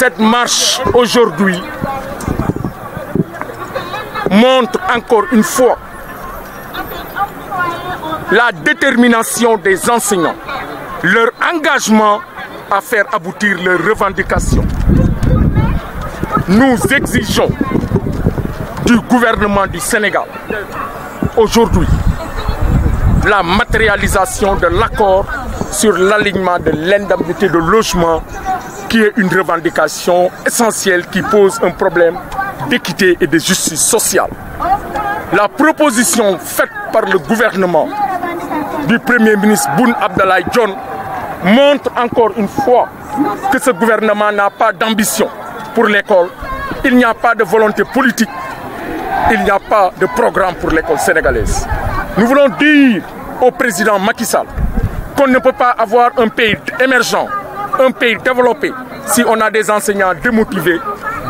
cette marche aujourd'hui montre encore une fois la détermination des enseignants, leur engagement à faire aboutir leurs revendications. Nous exigeons du gouvernement du Sénégal aujourd'hui la matérialisation de l'accord sur l'alignement de l'indemnité de logement qui est une revendication essentielle qui pose un problème d'équité et de justice sociale. La proposition faite par le gouvernement du Premier ministre Boun Abdallah John montre encore une fois que ce gouvernement n'a pas d'ambition pour l'école, il n'y a pas de volonté politique, il n'y a pas de programme pour l'école sénégalaise. Nous voulons dire au président Macky Sall qu'on ne peut pas avoir un pays émergent un pays développé si on a des enseignants démotivés,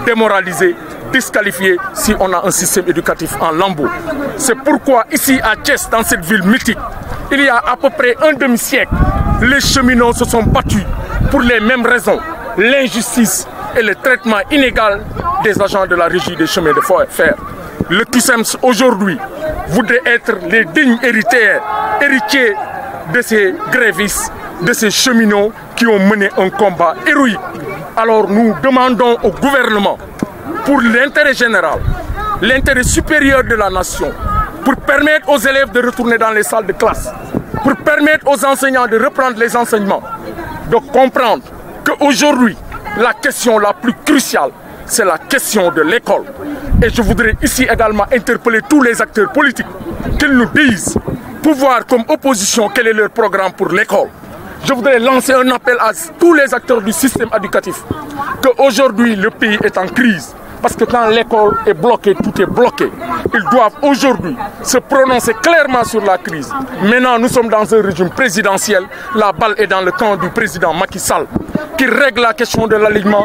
démoralisés, disqualifiés, si on a un système éducatif en lambeaux. C'est pourquoi ici à Thiès, dans cette ville mythique, il y a à peu près un demi-siècle, les cheminots se sont battus pour les mêmes raisons, l'injustice et le traitement inégal des agents de la régie des chemins de fer. Le Tissems, e aujourd'hui voudrait être les dignes héritiers, héritiers de ces grévistes de ces cheminots qui ont mené un combat héroïque. Alors nous demandons au gouvernement, pour l'intérêt général, l'intérêt supérieur de la nation, pour permettre aux élèves de retourner dans les salles de classe, pour permettre aux enseignants de reprendre les enseignements, de comprendre qu'aujourd'hui, la question la plus cruciale, c'est la question de l'école. Et je voudrais ici également interpeller tous les acteurs politiques qu'ils nous disent, pouvoir comme opposition, quel est leur programme pour l'école je voudrais lancer un appel à tous les acteurs du système éducatif qu'aujourd'hui le pays est en crise. Parce que quand l'école est bloquée, tout est bloqué. Ils doivent aujourd'hui se prononcer clairement sur la crise. Maintenant, nous sommes dans un régime présidentiel. La balle est dans le camp du président Macky Sall, qui règle la question de l'alignement,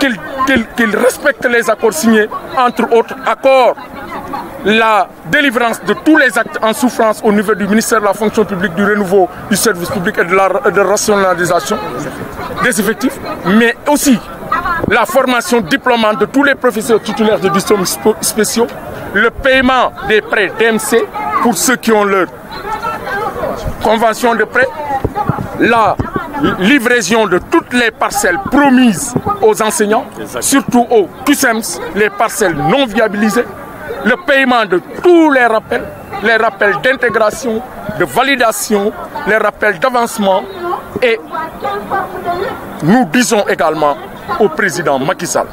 qu'il respecte les accords signés, entre autres accords la délivrance de tous les actes en souffrance au niveau du ministère de la fonction publique, du renouveau du service public et de la rationalisation des effectifs, mais aussi la formation diplômante de tous les professeurs titulaires de diplômes spéciaux, le paiement des prêts d'MC pour ceux qui ont leur convention de prêt, la livraison de toutes les parcelles promises aux enseignants, surtout aux QSEMS, e les parcelles non viabilisées, le paiement de tous les rappels, les rappels d'intégration, de validation, les rappels d'avancement. Et nous disons également au président Macky Sall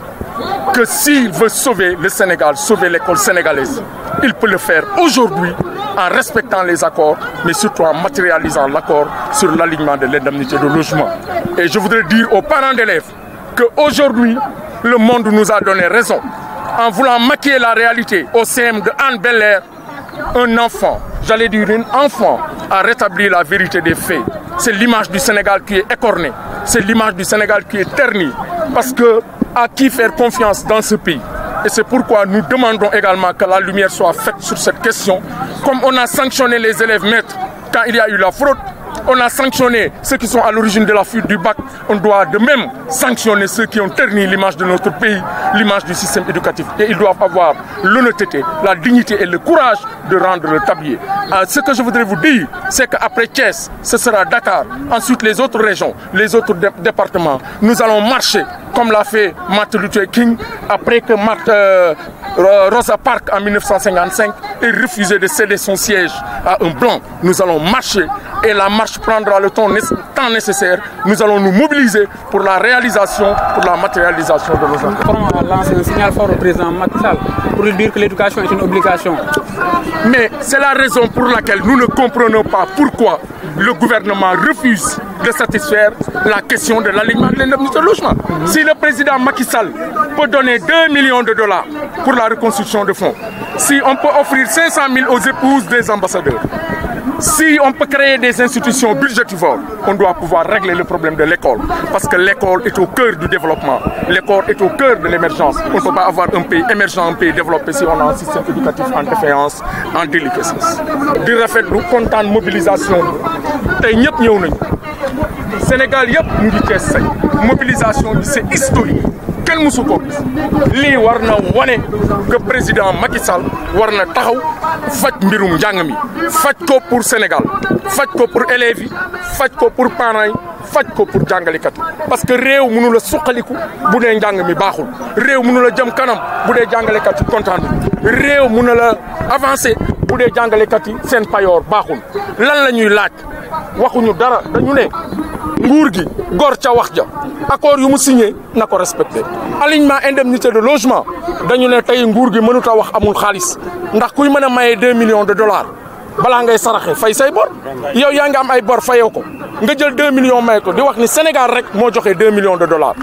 que s'il veut sauver le Sénégal, sauver l'école sénégalaise, il peut le faire aujourd'hui en respectant les accords, mais surtout en matérialisant l'accord sur l'alignement de l'indemnité de logement. Et je voudrais dire aux parents d'élèves qu'aujourd'hui, le monde nous a donné raison en voulant maquiller la réalité au CM de Anne Belair, un enfant, j'allais dire un enfant, a rétabli la vérité des faits. C'est l'image du Sénégal qui est écornée, c'est l'image du Sénégal qui est ternie, parce que à qui faire confiance dans ce pays et c'est pourquoi nous demandons également que la lumière soit faite sur cette question. Comme on a sanctionné les élèves maîtres quand il y a eu la fraude, on a sanctionné ceux qui sont à l'origine de la fuite du bac, on doit de même sanctionner ceux qui ont terni l'image de notre pays, l'image du système éducatif. Et ils doivent avoir l'honnêteté, la dignité et le courage de rendre le tablier. Euh, ce que je voudrais vous dire, c'est qu'après Thiès, ce sera Dakar, ensuite les autres régions, les autres départements. Nous allons marcher comme l'a fait Martin Luther King après que Martin, Rosa Parks en 1955 et refusé de céder son siège à un blanc. Nous allons marcher et la marche prendra le temps, nécessaire. Nous allons nous mobiliser pour la réalisation, pour la matérialisation de nos enfants. allons un signal fort au président Macky pour lui dire que l'éducation est une obligation. Mais c'est la raison pour laquelle nous ne comprenons pas pourquoi le gouvernement refuse de satisfaire la question de l'alignement de l'indemnité de logement. Si le président Macky Sall peut donner 2 millions de dollars pour la reconstruction de fonds, si on peut offrir 500 000 aux épouses des ambassadeurs, si on peut créer des institutions budgétivores, on doit pouvoir régler le problème de l'école. Parce que l'école est au cœur du développement. L'école est au cœur de l'émergence. On ne peut pas avoir un pays émergent, un pays développé si on a un système éducatif en défaillance, en déliquescence. Du content mobilisation. Sénégal yëpp ñu mobilisation bi c'est historique Quel mësu ko gis war na wane que président Macky Sall war na taxaw fajj mbirum jangami fajj ko pour Sénégal fajj ko pour élèves yi faj ko pour parents yi faj ko pour jangali kat parce que rew mënu la suqaliku bu jangami baxul rew baaxul mënu la jëm kanam bu dee kat yi kontaan réew mënu la avancer bu dee kat yi seen payoor baaxul lan la ñuy laaj waxuñu dara dañu né nguur gi gor ca wax ja accord yu mu signé na ko respecté alignement indemnité de logement dañu ne tey nguur gi mënut a wax amul xaalis ndax kuy mën a maye deux millions de dollars bala ngay saraxé fay say bor yow ya nga am ay bor fayoo ko nga jël 2 millions may ko di wax ni Sénégal rek mo joxé 2 millions de dollars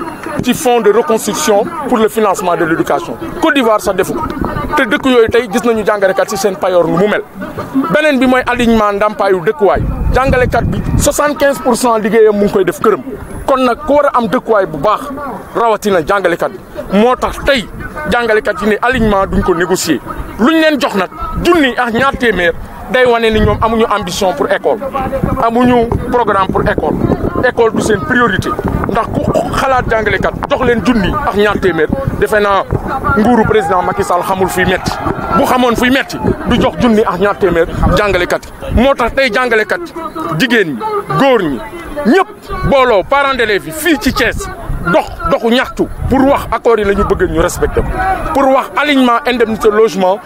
ci fonds de reconstruction pour le financement de l'éducation Côte d'Ivoire ça defu ko te dëkk yoy tay gis nañu jangalé kat ci sen payor lu mu mel benen bi moy alignement way jangalé kat bi 75 pour cent mu ngi koy def kërëm kon nak ko wara am am way bu baax rawatina jàngalekat bi moo tax tey jàngalekat yi ni alignement duñ ko négocier luñ leen jox nak junni ak ñaar témèr day wane ni amuñu ambition pour école amuñu programme pour école école du une priorité ndax ku xalaat jàngalekat jox leen junni ak ñaar président Macky Sall xamul fuy metti bu xamoon fuy metti du jox junni ak ñaar téeméer jàngalekat ñi ñi parents d'élèves yi fii ci Thiès nous pour wax accords yi pour voir alignement indemnité logement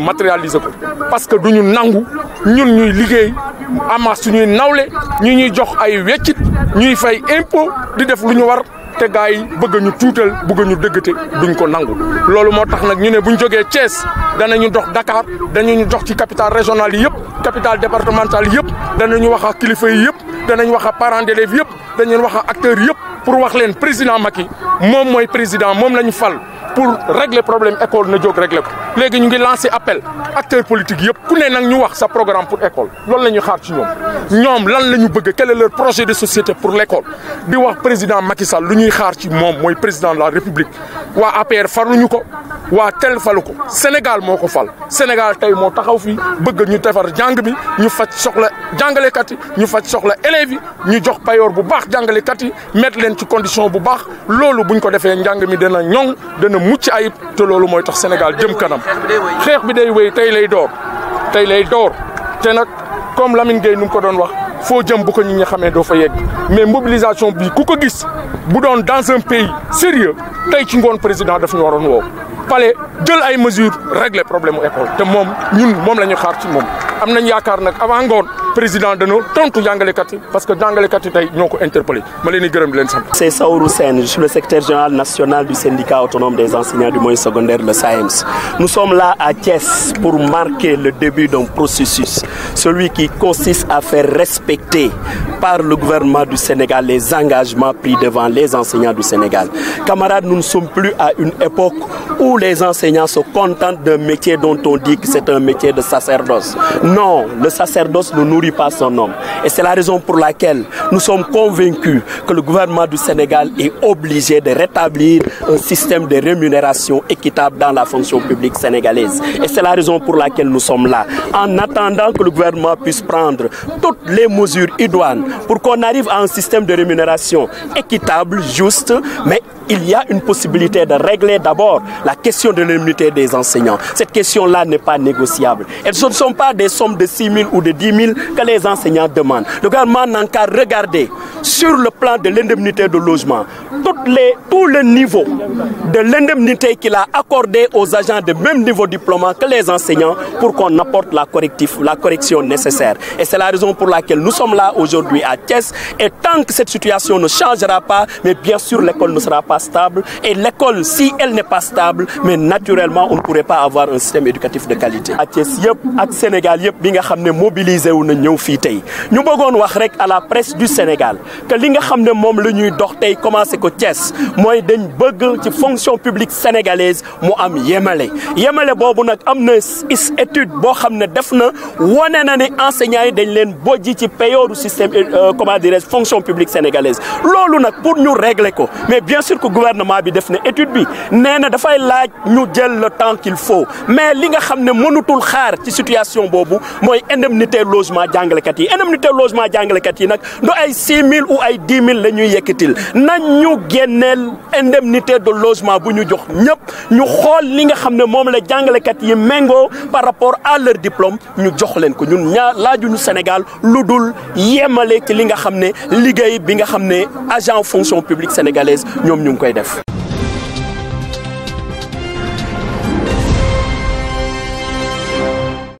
matérialiser parce que nous nangu nous ñuy nous amaas nous nawle nous ñuy jox ay nous ñuy fay impôt te gaay bëgg ñu tuutal bëgg ñu dëggate duñ ko nangu loolu moo tax nag ñu ne buñ jógee Thiès danañu dox Dakar danañu dox ci capital régional yi yëpp capital départemental yëpp danañu wax ak kilifa yi yëpp danañ wax ak parents d'élèves yëpp danañ wax ak acteurs yëpp pour wax leen président Macky moom mooy président moom lañu fal pour régler le problème école ne pas régler Nous ñu ngi lancé appel acteurs politiques yépp ku né nak ñu wax programme pour l'école. loolu lañu xaar ci ñom quel est leur projet de société pour l'école? di wax président Macky Sall lu ñuy xaar ci président de la République wa APR farluñu ou à tel faluko Sénégal fal Sénégal tay mo taxaw nous. bëgg ñu defar jang bi ñu faj soxla jàngalekat yi ñu faj soxla élèves yi ñu jox payor bu baax yi mettre leen ci condition bu baax lolu buñ ko mi dana dana mucc ayib te lolu moy tax Sénégal jëm kanam. xex bi day wéy tay lay door tay lay door comme Lamine Gueye num ko faut faut que nous nit ñi xamee mais mobilisation bi ku ko dans un pays sérieux tey ci le président de la République palais jël ay mesures régler problème école ñun ce la nous xaar ci faire. am nañ avant président de que parce que Kati interpellé c'est Saourou Sène je suis le secrétaire général national du syndicat autonome des enseignants du moyen secondaire le SAEMS nous sommes là à Thiès pour marquer le début d'un processus celui qui consiste à faire respecter par le gouvernement du Sénégal les engagements pris devant les enseignants du Sénégal camarades nous ne sommes plus à une époque où les enseignants se contentent d'un métier dont on dit que c'est un métier de sacerdoce non le sacerdoce nous nourrit pas son nom. Et c'est la raison pour laquelle nous sommes convaincus que le gouvernement du Sénégal est obligé de rétablir un système de rémunération équitable dans la fonction publique sénégalaise. Et c'est la raison pour laquelle nous sommes là. En attendant que le gouvernement puisse prendre toutes les mesures idoines pour qu'on arrive à un système de rémunération équitable, juste, mais il y a une possibilité de régler d'abord la question de l'immunité des enseignants. Cette question-là n'est pas négociable. Elles ne sont pas des sommes de 6 000 ou de 10 000, que les enseignants demandent. Le gouvernement n'a qu'à regarder sur le plan de l'indemnité de logement, tous les, niveaux de l'indemnité qu'il a accordé aux agents de même niveau diplôme que les enseignants pour qu'on apporte la, correctif, la correction nécessaire. Et c'est la raison pour laquelle nous sommes là aujourd'hui à Thiès. Et tant que cette situation ne changera pas, mais bien sûr l'école ne sera pas stable. Et l'école, si elle n'est pas stable, mais naturellement on ne pourrait pas avoir un système éducatif de qualité. À Thiès, à Sénégal ñëw fii tey ñu bëggoon wax rek à la presse du Sénégal que li nga xam ne moom la ñuy dox tey commencé ko Thiès mooy dañ bëgg ci fonction publique sénégalaise mu am yemale yemale boobu nag am na is étude boo xam ne def na wane na ne enseignants yi dañ leen bojji ci peyooru système euh, comment dirais fonction publique sénégalaise loolu nag pour ñu régler ko mais bien sûr que gouvernement bi def na étude bi nee na dafay laaj ñu jël le temps qu'il faut mais li nga xam ne mënutul xaar ci situation boobu mooy indemnité logement jàngalekat yi indemnité logement jàngalekat yi nag du ay 6000 ou ay 10 000 la ñuy yekkitil nañ ñu génneel indemnité de logement bu ñu jox ñëpp ñu xool li nga xam ne moom la jàngalekat yi mengo par rapport à leur diplôme ñu jox leen ko ñun ñaa laajuñu Sénégal lu dul yemale ci li nga xam ne liggéey bi nga xam ne agent fonction publique sénégalaise ñoom ñu ngi koy def.